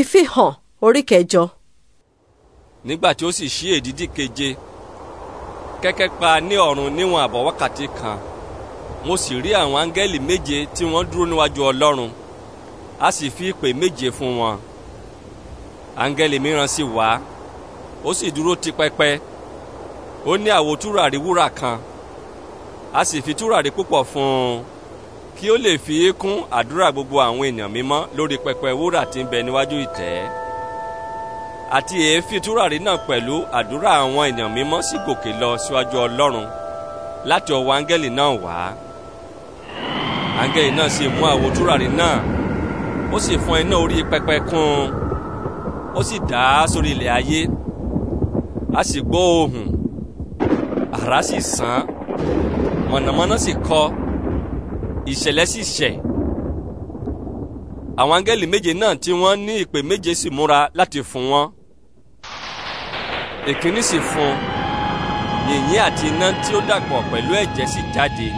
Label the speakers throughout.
Speaker 1: ìfihàn orí kẹjọ. nígbà tí ó sì ṣí èdídì keje kẹ́kẹ́ pa ní ọ̀run níwọ̀n àbọ̀ wákàtí kan mo sì rí àwọn áńgẹ́lì méje tí wọ́n dúró níwájú ọlọ́run a sì fi ìpè méje fún wọn áńgẹ́lì mìíràn sì wá ó sì dúró ti pẹpẹ ó ní àwo tùràrí wúrà kan a sì fi tùràrí púpọ̀ fún un kí ó lè fi kún àdúrà gbogbo àwọn ènìyàn mímọ́ lórí pẹpẹ wúrà tí ń bẹ níwájú ìtẹ́ àti èéfín tùràrí náà pẹ̀lú àdúrà àwọn ènìyàn mímọ́ sì gòkè lọ síwájú Ọlọ́run láti ọwọ́ áńgẹ́lì náà wá áńgẹ́lì náà sì mú àwo tùràrí náà ó sì fọ́n iná orí pẹpẹ kún un ó sì dà á sórí ilẹ̀ ayé a sì gbọ́ ohùn àrá sì sán mọ̀nàmọ́ná sì kọ́ ìṣẹ̀lẹ̀ sì ṣẹ̀ àwọn áńgẹ́lì méje náà tí wọ́n ní ìpè méje sì múra láti fún wọn èkíní sì fún yìnyín àti iná tí ó dàpọ̀ pẹ̀lú ẹ̀jẹ̀ sì jáde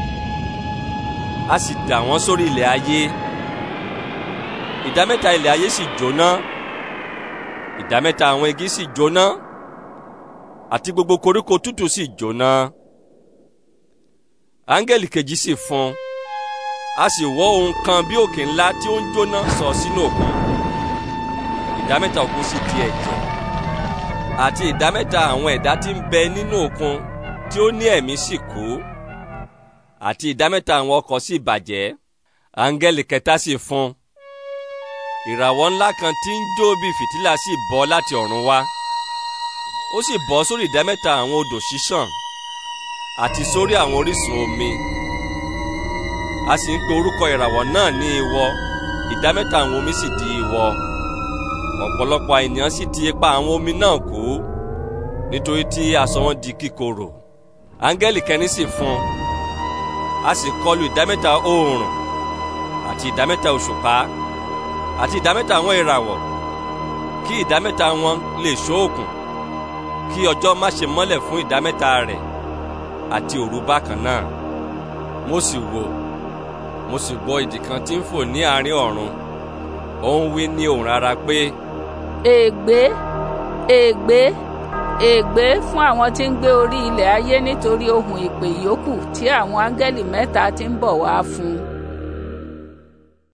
Speaker 1: a sì dà wọ́n sórí ilẹ̀ ayé ìdámẹ́ta ilẹ̀ ayé sì jóná ìdámẹ́ta àwọn igi sì jóná àti gbogbo koríko tútù sì jóná áńgẹ́lì kejì sì fún un a sì wọ́ ohun kan bí òkè ńlá tí ó ń jóná sọ sínú òkun ìdámẹ́ta òkun sì di ẹ̀jẹ̀ àti ìdámẹ́ta àwọn ẹ̀dá tí ń bẹ nínú òkun tí ó ní ẹ̀mí sì kú àti ìdámẹ́ta àwọn ọkọ̀ sì bàjẹ́ áńgẹ́lì kẹta sì fún ìràwọ̀ ńlá kan tí ń jó bí fìtílà sì bọ́ láti ọ̀run wá ó sì bọ́ sórí ìdámẹ́ta àwọn odò ṣíṣàn àti sórí àwọn orísun omi a sì ń pe orúkọ ìràwọ̀ náà ní ìwọ ìdá mẹ́ta àwọn omi sì di ìwọ ọ̀pọ̀lọpọ̀ ènìyàn sì ti ipa àwọn omi náà kú nítorí tí aṣọ wọn di kíkorò áńgẹ́lì kẹrin sì fún un a sì kọlu ìdámẹ́ta oòrùn àti ìdámẹ́ta òṣùpá àti ìdámẹ́ta àwọn ìràwọ̀ kí ìdámẹ́ta wọn lè ṣóògùn kí ọjọ́ má ṣe mọ́lẹ̀ fún ìdámẹ́ta rẹ̀ àti òru bákan náà mo sì wò ó mo sì gbọ́ idì kan tí ń fò ní àárín ọ̀run ó ń wí ní ohùn rara pé. ègbé ègbé ègbé fún àwọn tí ń gbé orí ilẹ̀ ayé nítorí ohun ìpè yòókù tí àwọn áńgẹ́lì mẹ́ta tí ń bọ̀ wá fún un.